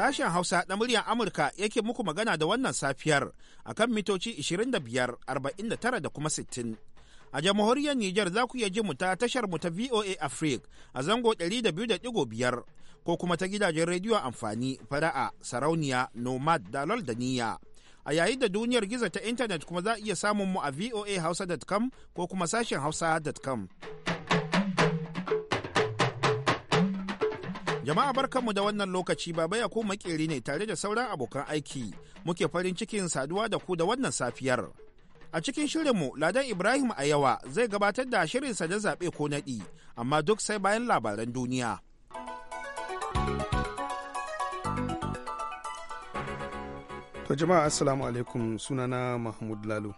Sashen Hausa na muryar Amurka yake muku magana da wannan safiyar akan mitoci 25,49 da kuma 60. a jamhuriyar Nijar za ku iya ji mu ta tashar mu ta VOA Africa a zango 200.5 ko kuma ta gidajen rediyo amfani fara'a sarauniya nomad dalol da niyya. A yayin da duniyar gizo ta intanet kuma za a iya samun mu a voahausa.com ko kuma sashen hausa.com. Jama'a barkanmu da wannan lokaci baba ya ko makeri ne tare da sauran abokan aiki muke farin cikin saduwa da ku da wannan safiyar. A cikin shirin mu Ladan Ibrahim a yawa zai gabatar da shirinsa da zaɓe ko naɗi amma duk sai bayan labaran duniya. To jama'a assalamu alaikum sunana Mahmud lalu.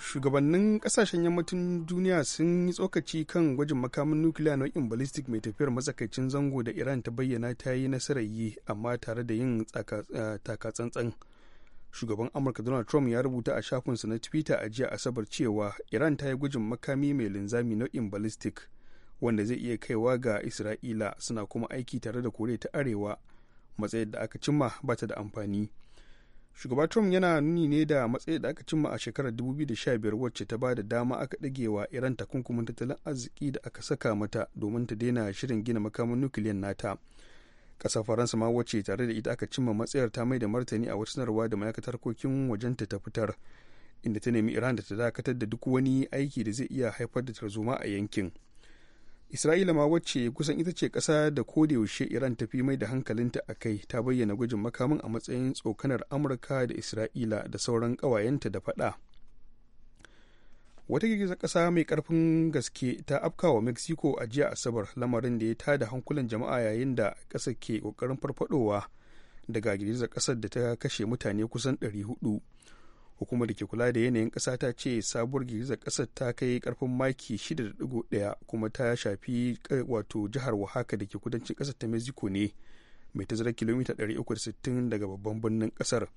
shugabannin kasashen yammacin duniya sun yi tsokaci kan gwajin makamin nukiliya nau'in ballistic mai tafiyar matsakaicin zango da iran ta bayyana ta yi nasarar yi amma tare da yin eh, takatsantsan shugaban amurka donald trump ya rubuta a shafinsa na twitter a jiya asabar cewa iran ta yi gwajin makami mai linzami nau'in ballistic wanda zai iya kaiwa ga isra'ila suna kuma aiki tare da koriya ta arewa matsayin da aka cimma ba ta da amfani shugaba trump yana nuni ne da matsayi da aka cimma a shekarar 2015 wacce ta ba da dama aka ɗage wa iran takunkumin tattalin arziki da aka saka mata domin ta daina shirin gina makamin nukiliyan nata ƙasar faransa ma wacce tare da ita aka cimma matsayar ta mai da martani a wata sanarwa da ma'aikatar harkokin wajenta ta fitar inda ta nemi iran da ta dakatar da duk wani aiki da zai iya haifar da tarzoma a yankin isra'ila ma wacce kusan ita ce ƙasa da kodayaushe iran ta fi mai da hankalinta a kai ta bayyana gwajin makamin a matsayin tsokanar amurka da isra'ila da sauran ƙawayenta da faɗa wata girgizar ƙasa mai ƙarfin gaske ta afkawa mexico a jiya asabar lamarin da ya ta da hankulan jama'a yayin da ƙasa ke ƙoƙarin farfadowa daga girgizar ƙasar da ta kashe mutane kusan 400 hukumar da ke kula da yanayin ƙasa ta ce sabuwar girgizar ƙasar ta kai karfin maki 6.1 kuma ta shafi eh, wato jihar oaxaca da ke kudancin ƙasar ta mexico ne mai tazarar kilomita 360 daga babban birnin ƙasar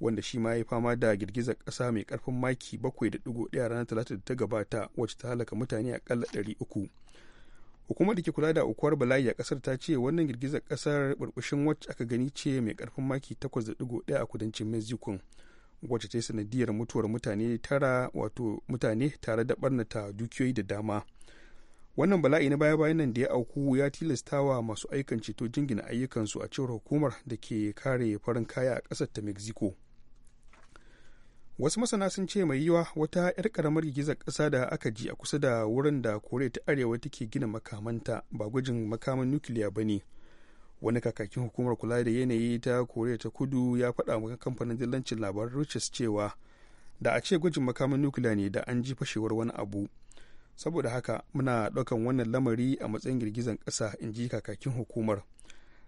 wanda shi ma ya fama da girgizar kasa mai karfin maki 7.1 ranar talata da ta gabata wacce ta halaka mutane a akalla 300 hukumar da ke kula da aukuwar bala'i a kasar ta ce wannan girgizar kasar burbushin wacce aka gani ce mai karfin maki 8.1 a kudancin mexico wacce ta yi sanadiyar mutuwar mutane tara wato mutane tare da barnata dukiyoyi da dama wannan bala'i na baya-bayan nan da ya auku ya tilastawa masu aikan ceto jingina ayyukansu a cewar hukumar da ke kare farin kaya a ƙasar ta mexico wasu masana sun ce mai yiwa wata 'yar karamar girgizar ƙasa da aka ji a kusa da wurin da kore ta arewa take gina makamanta ba gwajin makaman nukiliya ba ne wani kakakin hukumar kula da yanayi ta koriya ta kudu ya faɗa wa kamfanin dillancin labaran reuters cewa da a ce gwajin makamin nukiliya ne da an ji fashewar wani abu saboda haka muna ɗaukan wannan lamari a matsayin girgizan ƙasa in ji kakakin hukumar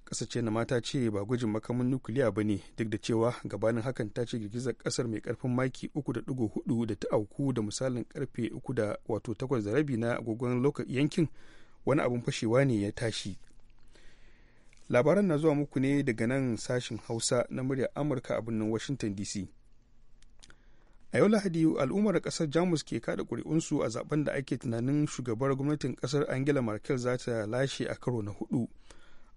ƙasa ce na mata ce ba gwajin makamin nukiliya ba ne duk da cewa gabanin hakan ta ce girgizar ƙasar mai karfin maki 3.4 da ta auku da misalin ƙarfe 3.8 da wato rabi na agogon yankin wani abun fashewa ne ya tashi labaran na zuwa muku ne daga nan sashen hausa na muryar amurka a birnin washington dc a yau lahadi al'ummar kasar jamus ke kada ƙuri'unsu a zaben da ake tunanin shugabar gwamnatin kasar angela merkel za ta lashe a karo na hudu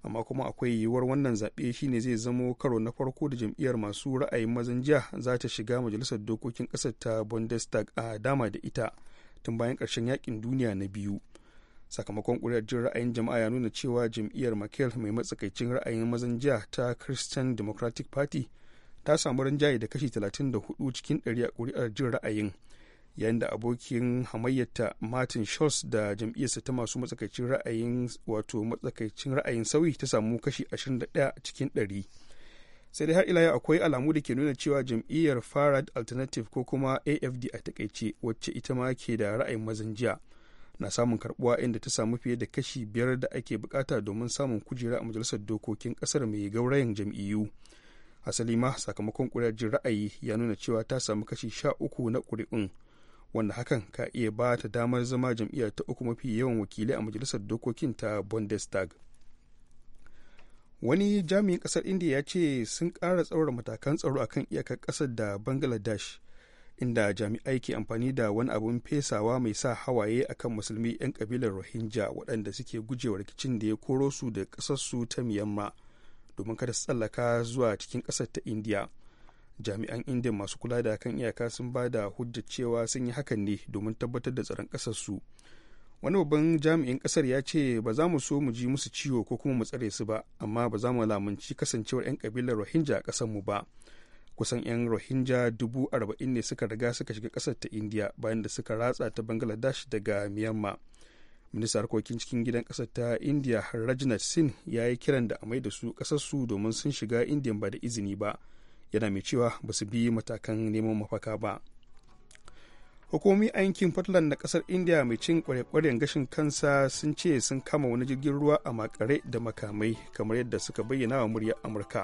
amma kuma akwai yiwuwar wannan zaɓe shine zai zamo karo na farko da jam'iyyar masu ra'ayin mazan jiya za ta shiga majalisar dokokin ƙasar ta bundestag a dama da ita tun bayan ƙarshen yakin duniya na biyu sakamakon ƙuri'ar jin ra'ayin jama'a ya nuna cewa jam'iyyar makel mai matsakaicin ra'ayin mazan jiya ta christian democratic party ta samu rinjaye da kashi 34 cikin 100 a kuri'ar jin ra'ayin yayin da abokin hamayyata martin schultz da jam'iyyarsa ta masu matsakaicin ra'ayin wato matsakaicin ra'ayin sauyi ta samu kashi 21 cikin 100 sai dai har ila yau akwai alamu da ke nuna cewa jam'iyyar farad alternative ko kuma afd a takaice wacce ita ma ke da ra'ayin mazan jiya na samun karbuwa inda ta samu fiye da kashi biyar da ake bukata domin samun kujera a majalisar dokokin kasar mai gaurayen jam'iyyu asali ma sakamakon jin ra'ayi ya nuna cewa ta samu kashi sha uku na ƙuri'un wanda hakan ka iya ba ta damar zama jam'iyyar ta uku mafi yawan wakilai a majalisar dokokin ta bundestag wani jami'in kasar india ya ce sun kara tsaurara matakan tsaro akan iyakar kasar da bangladesh inda jami'ai ke amfani da wani abun fesawa mai sa hawaye akan musulmi 'yan kabilar rohingya waɗanda suke gujewa rikicin da ya koro su da ƙasarsu ta miyamma domin kada su tsallaka zuwa cikin ƙasar ta indiya jami'an indiya masu kula da kan iyaka sun ba da hujja cewa sun yi hakan ne domin tabbatar da tsaron ƙasarsu wani babban jami'in ƙasar ya ce ba za mu so mu ji musu ciwo ko kuma mu tsare su ba amma ba za mu lamunci kasancewar 'yan kabilar rohingya a mu ba kusan 'yan rohingya dubu arba'in ne suka riga suka shiga ƙasar ta indiya bayan da suka ratsa ta bangladesh daga myanmar minista harkokin cikin gidan ƙasar ta indiya rajnat sin ya yi kiran da a mai da su ƙasarsu domin sun shiga indiya ba da izini ba yana mai cewa ba su bi matakan neman mafaka ba hukumomi a yankin portland na kasar indiya mai cin kwarekwaren gashin kansa sun ce sun kama wani jirgin ruwa a makare da makamai kamar yadda suka bayyana wa muryar amurka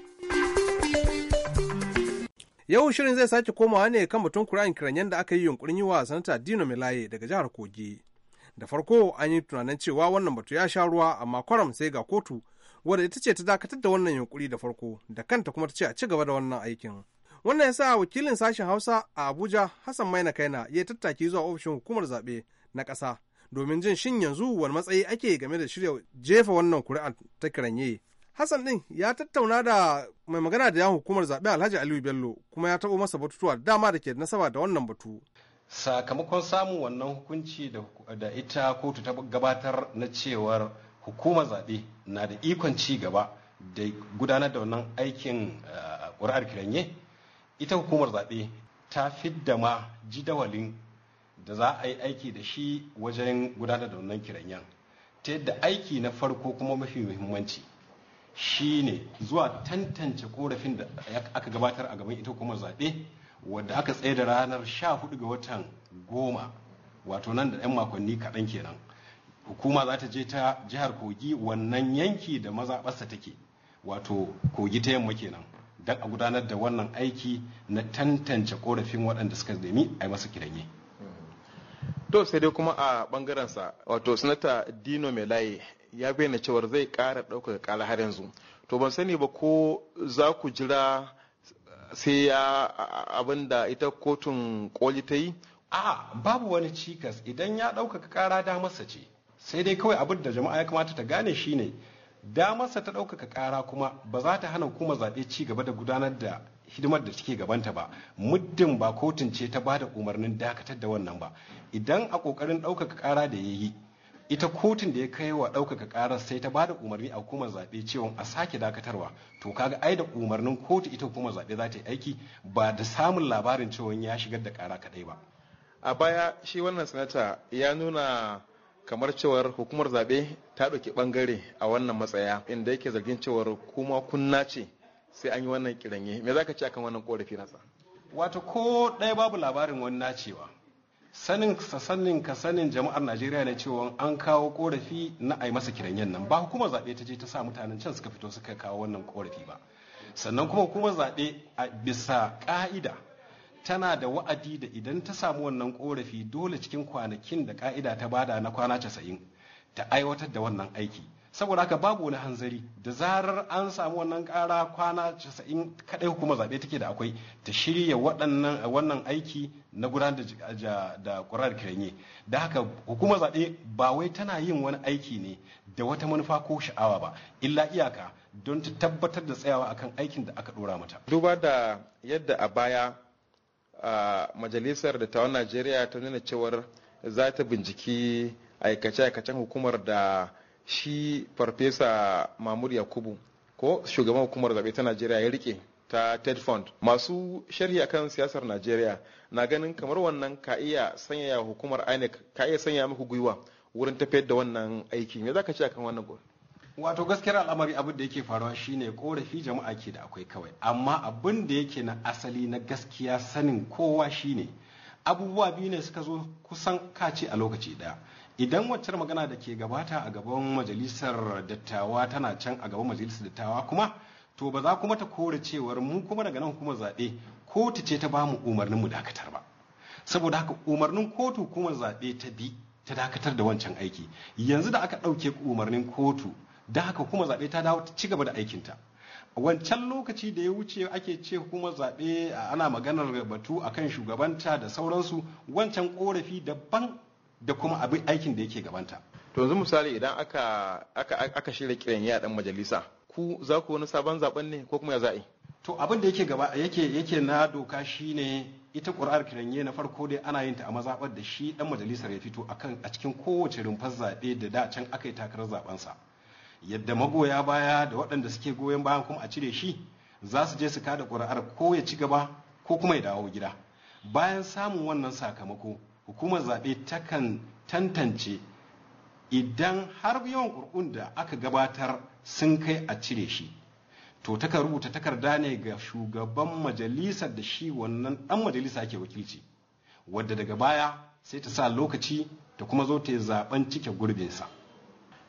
Yau shirin zai sake komawa ne kan batun Kur'an kiranyen da aka yi yunkurin yi wa sanata Dino milaye daga jihar Kogi. Da farko an yi tunanin cewa wannan batu ya sha ruwa amma kwaram sai ga kotu wadda ita ce ta dakatar da wannan yunkuri da farko da kanta kuma ta ce a ci gaba da wannan aikin. Wannan ya sa wakilin sashen Hausa a Abuja Hassan mai Maina Kaina ya tattaki zuwa ofishin hukumar zaɓe na ƙasa domin jin shin yanzu wani matsayi ake game da shirya jefa wannan kuri'a ta kiranye Hassan ɗin ya tattauna da mai magana da yawon hukumar zaɓe Alhaji Aliyu Bello kuma ya taɓo masa batutuwa dama da ke nasaba da wannan batu. Sakamakon samun wannan hukunci da ita kotu ta gabatar na cewar hukumar zaɓe na da ikon ci gaba da gudanar da wannan aikin eh, ƙuri'ar kiranye ita hukumar zaɓe ta fidda ma jidawalin da za a yi aiki da shi wajen gudanar da wannan kiranyen ta yadda aiki na farko kuma mafi muhimmanci shine zuwa tantance korafin da aka gabatar a gaban ita kuma zaɓe wadda aka tsaye da ranar 14 ga watan goma wato nan da 'yan makonni kaɗan kenan hukuma za ta je ta jihar kogi wannan yanki da mazaɓarsa take wato kogi ta yamma kenan don a gudanar da wannan aiki na tantance korafin waɗanda suka nemi a yi masa kiranye. to sai dai kuma a bangaren sa wato sanata dino melaye ya bayyana cewa zai ƙara ɗaukaka kala har yanzu to ban sani ba ko za ku jira eh, sai ya abin da ita kotun koli ta yi a babu wani cikas idan ya ɗaukaka ƙara damarsa ce sai dai kawai abin da jama'a ya kamata ta gane shine damarsa ta ɗaukaka kara kuma ba za ta hana hukumar zaɓe ci gaba da gudanar da hidimar da take gabanta ba muddin ba kotun ce ta ba da umarnin dakatar da wannan ba idan a ƙoƙarin ɗaukaka kara da ya yi ita kotun da ya kai wa ɗaukaka ƙarar sai ta ba da umarni a hukumar zaɓe cewa a sake dakatarwa to kaga ai da umarnin kotu ita hukumar zaɓe za ta yi aiki ba da samun labarin cewa ya shigar da ƙara kaɗai ba a baya shi wannan sanata ya nuna kamar cewar hukumar zaɓe ta ɗauki ɓangare a wannan matsaya inda yake zargin cewar kuma kunna ce sai an yi wannan kiranye me za ka ci akan wannan ƙorafi nasa wato ko ɗaya babu labarin wani nacewa sanin sa sanin ka sanin jama'ar najeriya na cewa an kawo korafi na a yi masa kiranyen nan ba hukumar zaɓe ta je ta sa mutanen can suka fito suka kawo wannan korafi ba sannan kuma hukumar zaɓe a bisa ƙa'ida tana da wa'adi da idan ta samu wannan korafi dole cikin kwanakin da ƙa'ida ta bada na kwana casa'in ta aiwatar da wannan aiki saboda haka babu wani hanzari da zarar an samu wannan kara kwana 90 kadai hukumar zabe take da akwai ta shirya waɗannan wannan aiki na gudanar da da ƙurar kiranye da haka hukumar zaɓe ba wai tana yin wani aiki ne da wata manufa ko sha'awa ba illa iyaka don ta tabbatar da tsayawa akan aikin da aka ɗora mata duba da yadda a baya majalisar da dattawan najeriya ta nuna cewar za ta binciki aikace-aikacen hukumar da shi farfesa mahmud yakubu ko shugaban hukumar zaɓe ta najeriya ya rike ta ted fund masu sharhi akan siyasar najeriya na ganin kamar wannan ka iya sanya hukumar inec ka iya sanya muku gwiwa wurin tafiyar da wannan aiki me za ka ce akan wannan gwamnati wato gaskiyar al'amari abin da yake faruwa shine korafi jama'a ke da akwai kawai amma abin da yake na asali na gaskiya sanin kowa shine abubuwa biyu ne suka zo kusan kace a lokaci daya idan waccar magana da ke gabata a gaban majalisar dattawa tana can a gaban majalisar dattawa kuma to ba za kuma ta kore cewar mu kuma daga nan kuma zaɓe kotu ce ta ba mu umarnin mu dakatar ba saboda haka umarnin kotu kuma zaɓe ta bi ta dakatar da wancan aiki yanzu da aka ɗauke umarnin kotu da haka kuma zaɓe ta dawo ta ci gaba da aikinta wancan lokaci da ya wuce ake ce kuma zaɓe ana maganar batu akan shugabanta da sauransu wancan korafi daban da kuma abin aikin da yake gabanta to yanzu misali idan aka shirya kiran ya dan majalisa ku za ku wani sabon zaben ne ko kuma ya za'i to abin da yake gaba yake yake na doka shine ita ƙuri'ar kiranye na farko dai ana yin ta a mazaɓar da shi ɗan majalisar ya fito akan a cikin kowace rumfar zaɓe da da can aka yi takarar sa, yadda magoya baya da waɗanda suke goyon bayan kuma a cire shi za su je su kada ƙuri'ar ko ya ci gaba ko kuma ya dawo gida bayan samun wannan sakamako hukumar zaɓe takan tantance idan har yawan ƙurƙun da aka gabatar sun kai a cire shi to taka rubuta takarda ne ga shugaban majalisar da shi wannan ɗan majalisa ke wakilci wadda daga baya sai ta sa lokaci ta kuma zo ta yi zaben cike gurbinsa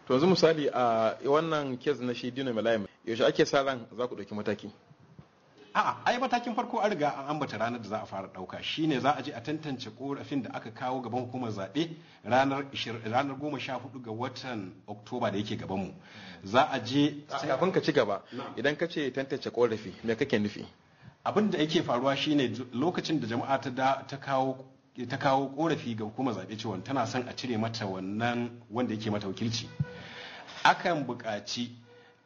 to yanzu misali a wannan kes na shi dino yaushe ake sa ran za ku ɗauki mataki a'a ai matakin farko an riga an ambata ranar da za a fara dauka shine za a je a tantance korafin da aka kawo gaban hukumar zaɓe ranar ranar goma sha hudu ga watan oktoba da yake gabanmu za a je kafin ka ci gaba idan ka ce tantance korafi me kake nufi abin da yake faruwa shine lokacin da jama'a ta ta kawo ta kawo korafi ga hukumar zaɓe cewa tana son a cire mata wannan wanda yake mata wakilci akan buƙaci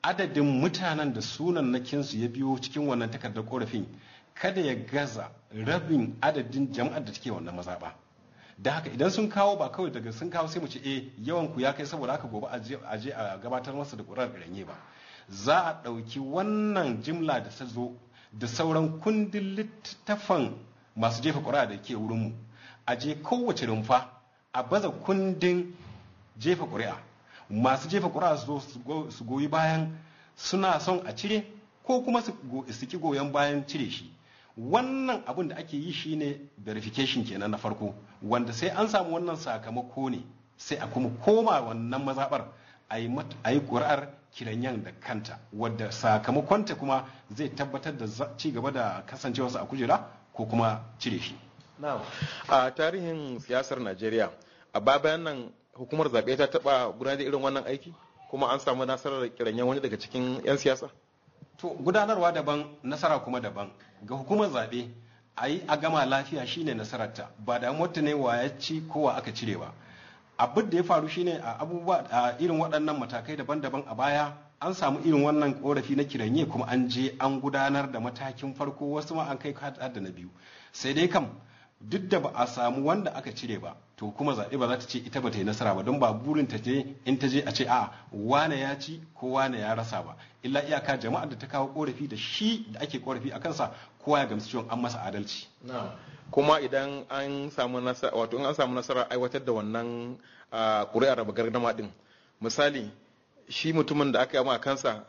adadin mutanen da sunan na kinsu ya biyo cikin wannan takardar korafin kada ya gaza rabin adadin jama'ar da take wannan mazaba da haka idan sun kawo ba kawai daga sun kawo sai mu ce eh yawan ku ya kai saboda haka gobe a je a gabatar masa da ƙurar ranye ba za a ɗauki wannan jimla da ta zo da sauran kundin littattafan masu jefa ƙuri'a da ke wurin mu a je kowace rumfa a baza kundin jefa ƙuri'a masu jefa ƙuri'a su su goyi bayan suna son a cire ko kuma su ki goyon bayan cire shi wannan abin da ake yi shine verification kenan na farko wanda sai an samu wannan sakamako ne sai a kuma koma wannan mazaɓar a yi ƙuri'ar kiranyan da kanta wadda sakamakonta kuma zai tabbatar da ci gaba da kasancewarsa a kujera ko kuma cire shi. a tarihin siyasar najeriya a babayan nan hukumar zaɓe ta taɓa gudanar da irin wannan aiki kuma an samu nasarar kiranyen wani daga cikin 'yan siyasa? To gudanarwa daban nasara kuma daban ga hukumar zaɓe a yi a gama lafiya shine nasararta ba da wata ne wa ya ci kowa aka cire ba abin da ya faru shine a abubuwa a irin waɗannan matakai daban-daban a baya an samu irin wannan korafi na kiranye kuma an je an gudanar da matakin farko wasu ma an kai na biyu sai dai kam duk da ba a samu wanda aka cire ba to kuma zaɓe ba za ta ce ita ba ta yi nasara ba don ba burin ta ce in ta je a ce a wane ya ci ko wane ya rasa ba illa iyaka jama'ar da ta kawo korafi da shi da ake korafi a kansa kowa ya gamsu cewa an masa adalci kuma idan an samu nasara wato in an samu nasara aiwatar da wannan kuri'a raba gardama din misali shi mutumin da aka yi a kansa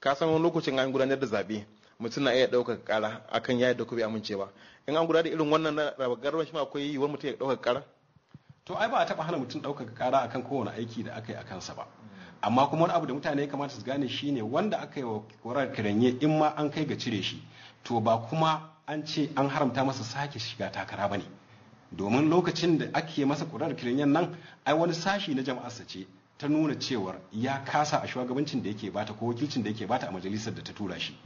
ka san lokacin an gudanar da zaɓe mutum na iya ɗaukar kara akan ya yi da kuɓe amincewa in an guda da irin wannan na rabar shi ma akwai yiwuwar mutum ya ɗaukar ƙara to ai ba a taɓa hana mutum ɗaukar kara akan kowane aiki da aka yi a kansa ba amma kuma wani abu da mutane ya kamata su gane shi ne wanda aka yi wa kwarar kiranye in ma an kai ga cire shi to ba kuma an ce an haramta masa sake shiga takara ba ne domin lokacin da ake masa kwarar kiranyen nan ai wani sashi na jama'arsa ce ta nuna cewar ya kasa a shugabancin da yake bata ko wakilcin da yake bata a majalisar da ta tura shi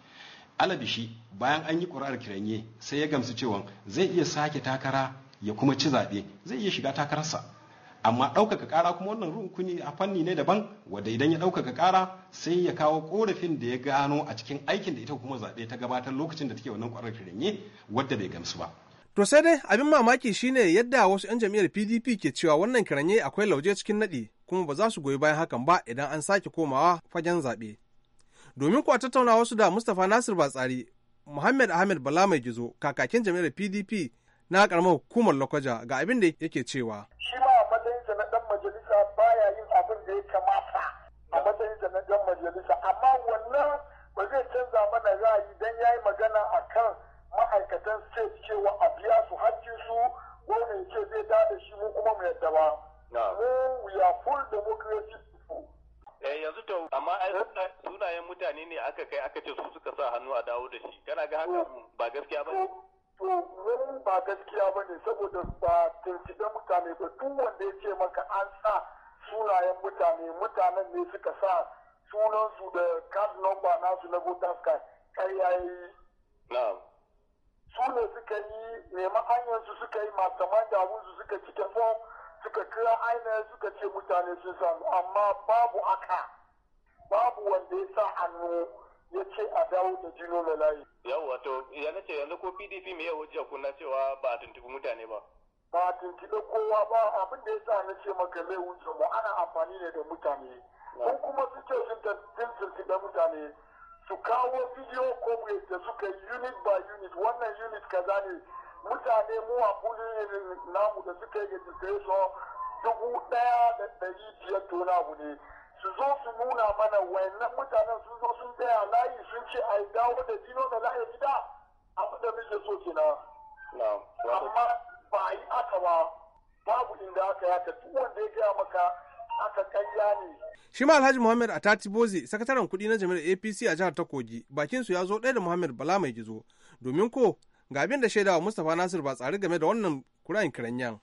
alabishi bayan an yi ƙuri'ar kiranye sai ya gamsu cewa zai iya sake takara ya kuma ci zaɓe zai iya shiga takararsa amma ɗaukaka ƙara kuma wannan rukuni a fanni ne daban wadda idan ya ɗaukaka ƙara sai ya kawo ƙorafin da ya gano a cikin aikin da ita kuma zaɓe ta gabatar lokacin da take wannan ƙuri'ar kiranye wadda bai gamsu ba. To sai dai abin mamaki shine yadda wasu 'yan jam'iyyar PDP ke cewa wannan kiranye akwai lauje cikin naɗi kuma ba za su goyi bayan hakan ba idan an sake komawa fagen zaɓe. domin kuwa tattauna wasu da mustapha nasir batsari muhammad ahmed bala mai gizo kakakin jami'ar pdp na karamar hukumar lokaja ga abin da yake cewa shi ma a matsayinsa na dan majalisa baya yin abin da ya kamata a matsayinsa na dan majalisa amma wannan ba zai canza mana ra'ayi dan yayi magana akan ma'aikatan state cewa a biya su hajji su wani ce zai da shi mu kuma mu yadda ba mu ya full democracy eh yanzu to amma ai sunayen mutane ne aka kai aka ce su suka sa hannu a dawo da shi kana ga haka ba gaskiya ba ba gaskiya ba ne saboda ba da mutane ba duk wanda ya ce maka an sa sunayen mutane mutanen ne suka sa sunansu da card number nasu na voter card kai yayi na'am su ne suka yi neman hanyar su suka yi masu da abun su suka cike form suka kira aina suka ce mutane sun samu amma babu aka babu wanda ya sa hannu ya ce a dawo da jino mai layi. Yau wato yana ce yanzu ko PDP mai yau hujja kuna cewa ba a tuntubi mutane ba. Ba a tuntubi kowa ba abin da ya sa na ce maka lai hujja mu ana amfani ne da mutane. ko kuma su ce sun da mutane su kawo video ko da suka unit by unit wannan unit kaza ne mutane mu a kuli namu da suka yi so dubu daya da dari biyar tona abu ne su zo su nuna mana wani mutanen sun zo sun daya layi sun ce a dawo da dino da layi gida abin da muke so kenan amma ba a yi aka ba babu inda aka yi duk wanda ya gaya maka aka karya ne shi ma alhaji muhammad atati boze sakataren kudi na jami'ar apc a jihar ta kogi bakin su ya zo ɗaya da muhammad bala mai gizo domin ko ga abin da wa mustapha nasir ba tsari game da wannan kurayin kiranyan.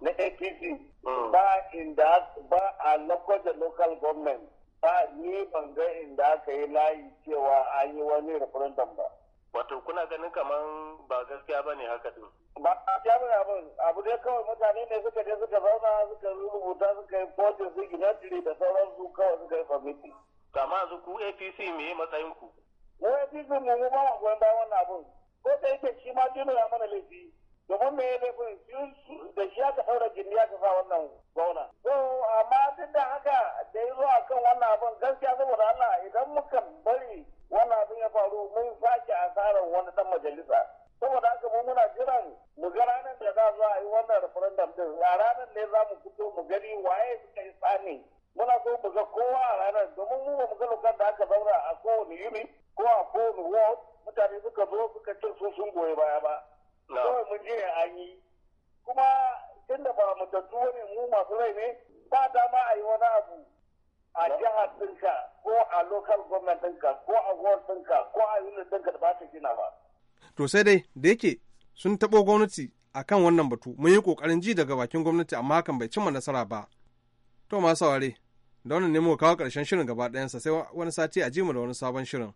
na apc hmm. ba inda ba a da local government ba ni ban ga inda aka yi layi cewa an yi wani referendum ba wato kuna ganin kaman ba gaskiya ba ne haka din ba gaskiya ba ne abu dai kawai mutane ne suka je suka zauna suka rubuta suka yi fotin su gina da sauransu kawai suka yi kwamiti kama su ku apc me matsayin ku na ya fi mu mu ba mu goyon bayan wannan abun ko da yake shi ma jino ya mana domin me ya laifin da shi aka saura ya sa wannan gwamna. to amma duk da haka da ya zo a kan abun gaskiya saboda Allah idan muka bari wannan abun ya faru mun sake asarar wani dan majalisa saboda haka mu jiran mu da referendum a muna so mu ga kowa a ranar domin mu mu ga lokacin da aka zauna a kowane yuni ko a kowane ward mutane suka zo suka ce su sun goyi baya ba kawai mun je an yi kuma tunda ba mu tattu wani mu masu rai ne ba dama a yi wani abu a jihar ɗinka ko a local government ɗinka ko a ward ɗinka ko a unit ɗinka da ba ta gina ba. To sai dai da yake sun taɓo gwamnati a kan wannan batu mun yi ƙoƙarin ji daga bakin gwamnati amma hakan bai cimma nasara ba. To masu saurare da wannan ne muka kawo karshen shirin gaba ɗayansa sai wani sati a jimu da wani sabon shirin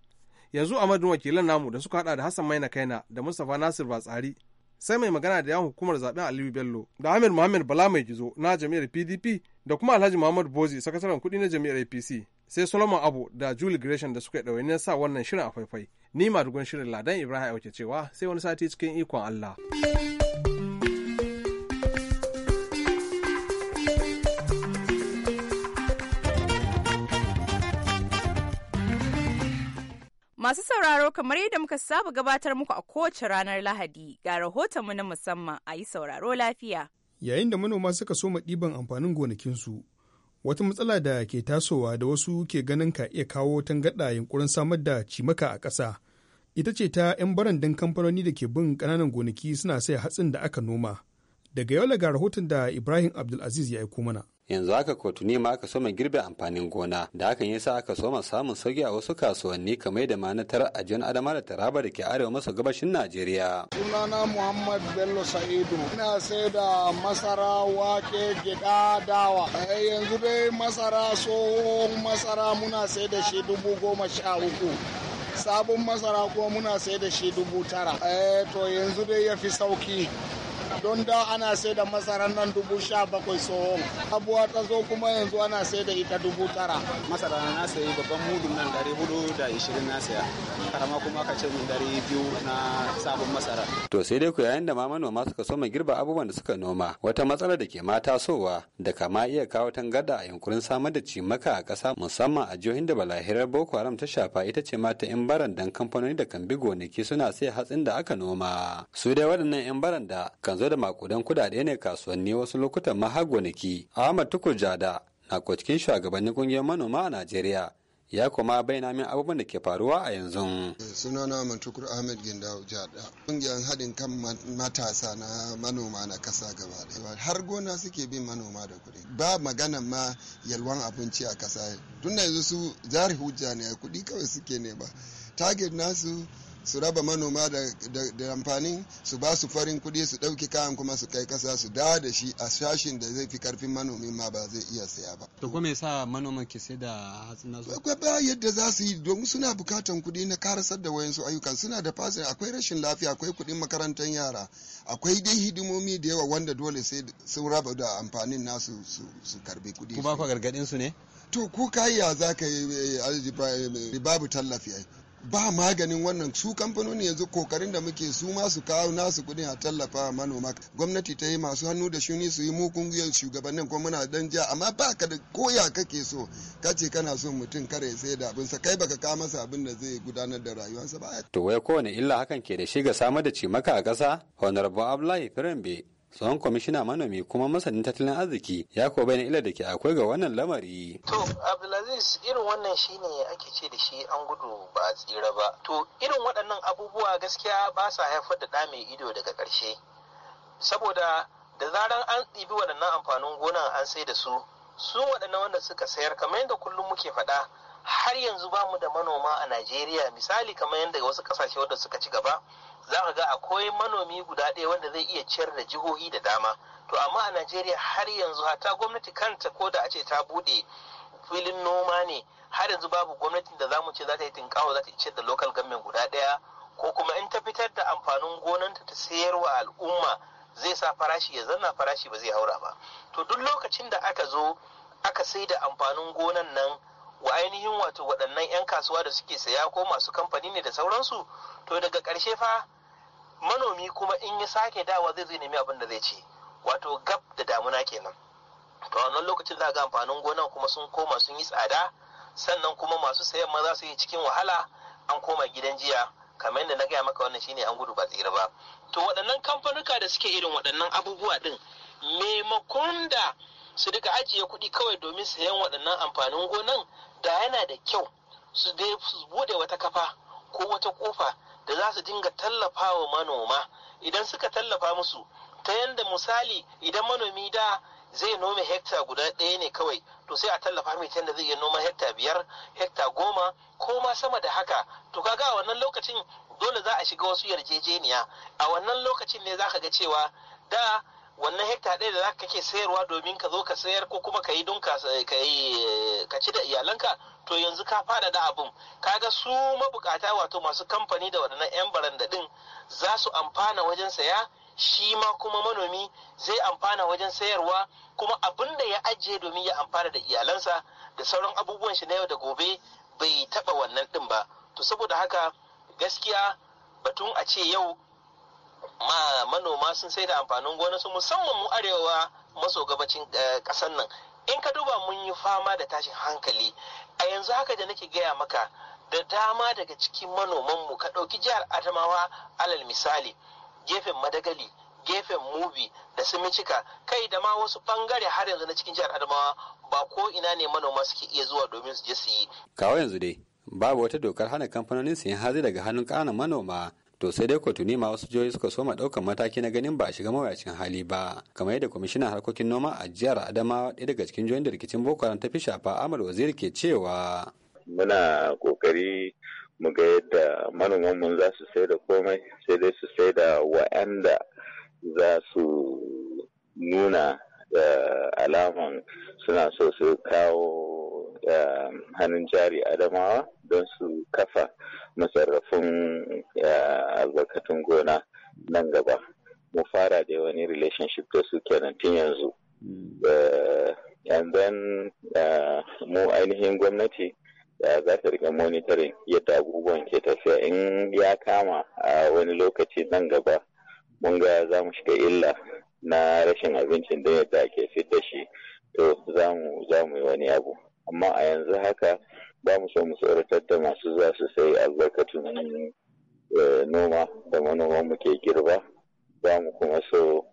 yanzu a wakilan namu da suka hada da hassan maina kaina da mustapha nasir batsari sai mai magana da yawan hukumar zaben aliyu bello da amir muhammad bala mai gizo na jami'ar pdp da kuma alhaji muhammad bozi sakataren kuɗi na jam'iyyar apc sai solomon abu da julie gresham da suka yi ɗawainiyar sa wannan shirin a faifai ni madugun shirin ladan ibrahim auke cewa sai wani sati cikin ikon allah. Masu sauraro kamar yadda muka saba gabatar muku a kowace ranar Lahadi ga rahotonmu na musamman a yi sauraro lafiya. Yayin da manoma suka soma ɗiban amfanin gonakinsu, wata matsala da ke tasowa da wasu ke ganin ka iya kawo tangaɗa yunkurin samar da cimaka a ƙasa. Ita ce ta 'yan barandan kamfanoni da ke bin ƙananan gonaki suna sai hatsin da aka noma. Daga yau ga rahoton da Ibrahim Abdulaziz ya aiko mana. yanzu haka kotuni ma aka soma girbe amfanin gona da hakan yasa aka soma samun sauki a wasu kasuwanni kamar da manatar a jan adama da taraba da ke arewa maso gabashin najeriya sunana muhammad bello sa'idu ina sai da masara wake gida dawa eh, yanzu dai masara tsohon masara muna sai da shi dubu goma sha uku sabon masara kuma muna sai da shi dubu tara eh, to yanzu dai ya fi sauki don da ana sai da masarar nan dubu sha bakwai tsohon abuwa ta zo kuma yanzu ana sai da ita dubu tara masara na sayi babban mudun nan dari hudu da ishirin na saya karama kuma aka ce min dari biyu na sabon masara to sai dai ku yayin da ma manoma suka soma girba abubuwan da suka noma wata matsalar da ke ma tasowa da kama iya kawo tangarda a yunkurin samar da cimaka a ƙasa musamman a jihohin da balahirar boko haram ta shafa ita ce mata yan barandan kamfanoni da kan bi gonaki suna sai hatsin da aka noma su dai waɗannan yan baranda kan zo da makudan kudade ne kasuwanni wasu lokutan ma har gonaki ahmad tukur jada na cikin shugabannin kungiyar manoma a najeriya ya kuma bayyana min abubuwan da ke faruwa a yanzu. sunana mantukur ahmed Ginda jada Kungiyar haɗin kan matasa na manoma na ƙasa gaba ɗaya har gona suke bin manoma da kuɗi ba magana ma yalwan abinci a ƙasa tun yanzu su jari hujja ne kuɗi kawai suke ne ba target nasu su raba manoma da amfanin su ba su farin kuɗi su ɗauki kayan kuma su kai kasa su dawa da shi a sashin da zai fi karfin manomin ma ba zai iya saya ba. To kuma yasa manoman ke sai da hatsin nasu? ba yadda za su yi domin suna bukatan kuɗi na karasar da wayansu ayyukan suna da fasin akwai rashin lafiya akwai kuɗin makarantar yara akwai dai hidimomi da yawa wanda dole sai sun raba da amfanin nasu su karbi kuɗi. Ku ba ku gargaɗin su ne? To ko kai ya za ka yi eh, eh, babu tallafi ai. ba maganin wannan su kamfanoni yanzu kokarin da muke su masu su kawo nasu kudin a tallafa manoma gwamnati ta yi masu hannu da shuni su yi mukun kungiyar shugabannin kuma muna dan ja amma ba ka da koya kake so ka ce kana son mutum kare sai da abinsa kai baka ka masa abin da zai gudanar da rayuwarsa ba to wai kowane illa hakan ke da shi ga samar da cimaka a ƙasa honorable abdullahi firimbe tsohon kwamishina manomi kuma masanin tattalin arziki ya ko bayan ila da ke akwai ga wannan lamari. To Abdulaziz irin wannan shine ake ce da shi an gudu ba a tsira ba. To irin waɗannan abubuwa gaskiya ba sa haifar da ɗa mai ido daga ƙarshe. Saboda da zaran an ɗibi waɗannan amfanin gonan an sai da su su waɗannan wanda suka sayar kamar yadda kullum muke faɗa har yanzu ba mu da manoma a Najeriya misali kamar yadda wasu ƙasashe wanda suka ci gaba za ka ga akwai manomi guda ɗaya wanda zai iya ciyar da jihohi da dama to amma a najeriya har yanzu hata gwamnati kanta ko da a ce ta buɗe filin noma ne har yanzu babu gwamnatin da zamu ce za ta yi tinkawo za ta ciyar da local government guda ɗaya ko kuma in ta fitar da amfanin gonanta ta sayar wa al'umma zai sa farashi ya zanna farashi ba zai haura ba to duk lokacin da aka zo aka sai da amfanin gonan nan wa ainihin wato waɗannan 'yan kasuwa da suke saya ko masu kamfani ne da sauransu to daga ƙarshe fa manomi kuma in ya sake dawa zai zai nemi abin da zai ci wato gab da damuna kenan to wannan lokacin za ga amfanin gonan kuma sun koma sun yi tsada sannan kuma masu sayan ma za su yi cikin wahala an koma gidan jiya kamar yadda na gaya maka wannan shine an gudu ba tsira ba to waɗannan kamfanuka da suke irin waɗannan abubuwa ɗin maimakon da su rika ajiye kuɗi kawai domin sayan waɗannan amfanin gonan da yana da kyau su dai su bude wata kafa ko wata kofa da za su dinga tallafa wa manoma idan suka tallafa musu ta yanda misali idan manomi da zai nome hekta guda ɗaya ne kawai to sai a tallafa mai ta da zai iya noma hekta biyar hekta goma ko ma sama da haka to kaga a wannan lokacin dole za a shiga wasu yarjejeniya a wannan lokacin ne za ka ga cewa da wannan hekta ɗaya da za ka ke sayarwa domin ka zo ka sayar ko kuma ka yi don ka ci da iyalanka to yanzu ka da abin kaga su mabukata wato masu kamfani da waɗannan 'yan baranda ɗin za su amfana wajen saya shi ma kuma manomi zai amfana wajen sayarwa kuma abin da ya ajiye domin ya amfana da iyalansa da sauran abubuwan shi na yau da gobe bai taɓa wannan ɗin ba to saboda haka gaskiya batun a ce yau ma manoma sun sai da amfanin gona su musamman mu arewa maso gabacin eh, ƙasar nan in ka duba mun yi fama da tashin hankali a yanzu haka da nake gaya maka da dama daga cikin manomanmu ka ɗauki jihar adamawa alal misali gefen madagali gefen mubi da simicika kai da ma wasu bangare har yanzu na cikin jihar adamawa ba ko ina ne manoma suke iya zuwa domin su je su yi kawo yanzu dai babu wata dokar hana kamfanonin su siyan hazi daga hannun ƙananan manoma to sai dai kwatuni ma wasu jihohi suka soma ɗaukan mataki na ganin ba a shiga mawuyacin hali ba kamar yadda kwamishinan harkokin noma a jihar adamawa ɗaya daga cikin jihohin da rikicin boko haram ta fi shafa amadu waziri ke cewa muna kokari mu ga yadda manoman mu za su sai da komai sai dai su sai da wa'anda za su nuna eh, alaman suna so su kawo da hannun jari adamawa don su kafa masarrafin eh, albarkatun gona nan gaba mu fara da wani relationship da su kenan tun yanzu hmm. eh, and then eh, mu ainihin gwamnati za ta riga monitoring yadda abubuwan ke tafiya in ya kama a wani lokaci nan gaba mun ga za mu shiga illa na rashin abincin da yadda ake fitar da shi to za mu yi wani abu amma a yanzu haka ba mu so mu tsoratar da masu za su sai albarkatun eh, noma da manoman mu ke girba za mu kuma so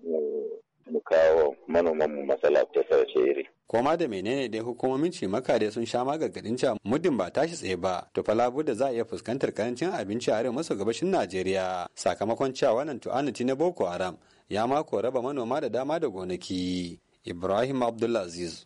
mu kawo manoman mu matsala ta sauce iri. Koma da menene dai hukumomin cimaka dai sun sha magagadin cewa muddin ba tashi tsaye ba to fa da za a iya fuskantar karancin abinci a arewa maso gabashin Najeriya sakamakon cewa wannan tu'anati na Boko Haram ya mako raba manoma da dama da gonaki. Ibrahim Abdulaziz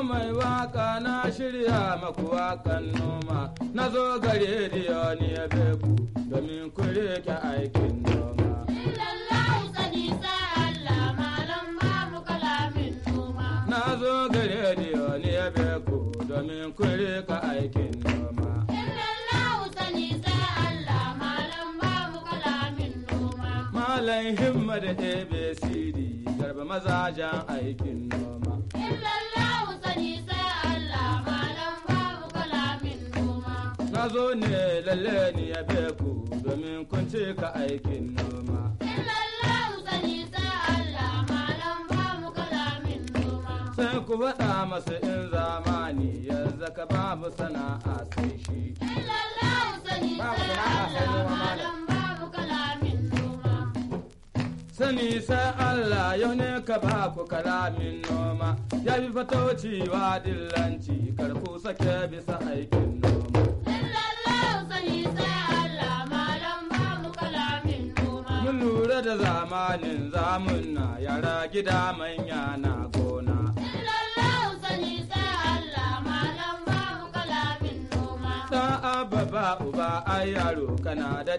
sa maku kan noma na zo gare da ni ya beku domin ku rike aikin noma. Na zo gare da ni ya beku domin ku rike aikin noma. Malam himma da ABCD garba mazajen aikin noma. ku ne lalle ni ya be ku domin kun ka aikin noma. Sai ku faɗa masu in zamani yanzu ka babu sana'a sai shi. Illallahu sani sai Allah malam babu kalamin noma. Sani sai Allah yau ne ka ba ku kalamin noma. Ya bi fatoci wa dillanci karku sake bisa aikin noma. lura da zamanin zamun na yara gida manya na gona. Lallahu sani sai Allah malam babu kalamin noma. Sa'a baba uba ai yaro kana da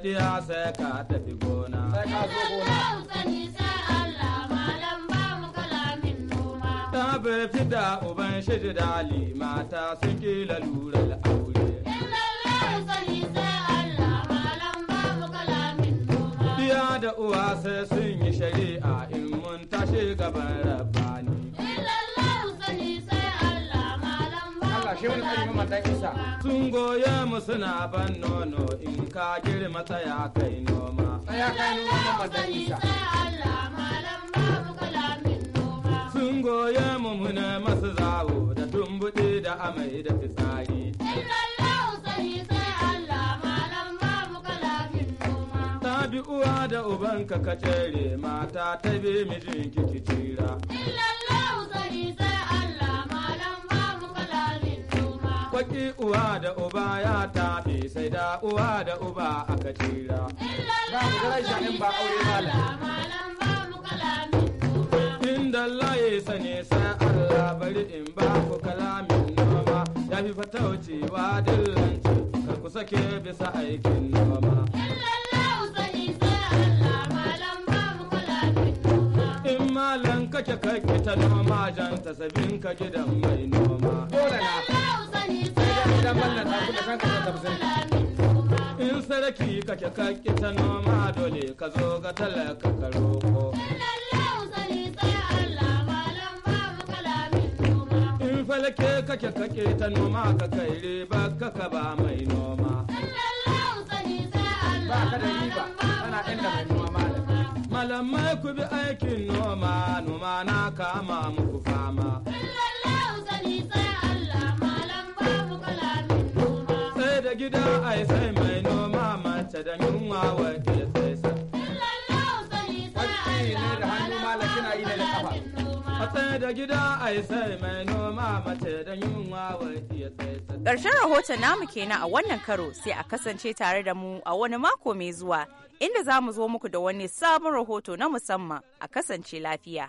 sai ka tafi gona. Lallahu sani sai Allah malam babu kalamin noma. Ta bai da uban shi da mata sun kila lura al'amari. uwa sai sun yi shari'a in mun tashi gaban rabbani. malam Sun goye mu suna ban nono in ka girma tsaya kai noma. Sun goye mu muna masu zawo da tumbuɗe da amai da fitsari. Illallahu sani sai uwa da uban ka ka mata ta bi mijin kiki tira. sani sai Allah malam kala min noma. Kwaki uwa da uba ya tafi sai da uwa da uba aka tira. sani sai Allah sani sai Allah bari in babu kalamin noma. Ya fi fataucewa dillanci kar ku sake bisa aikin noma. kake kai ta noma jan ta sabin ka gidan mai noma. Dole na. Idan ballan ta kuɗa kanka ta In sarki kake kai ta noma dole ka zo ga talaka ka roko. In falake kake kake ta noma ka kai riba ka ka ba mai noma. Allah sani sai Ba ka da riba kana inda mai noma malamai ku bi aikin noma noma na kama muku fama sai da gida ai sai mai noma mace da yunwa wata tsaye da gida a sai mai noma Ƙarshen rahoton namu kenan a wannan karo sai a kasance tare da mu a wani mako mai zuwa inda za mu zo muku da wani sabon rahoto na musamman a kasance lafiya.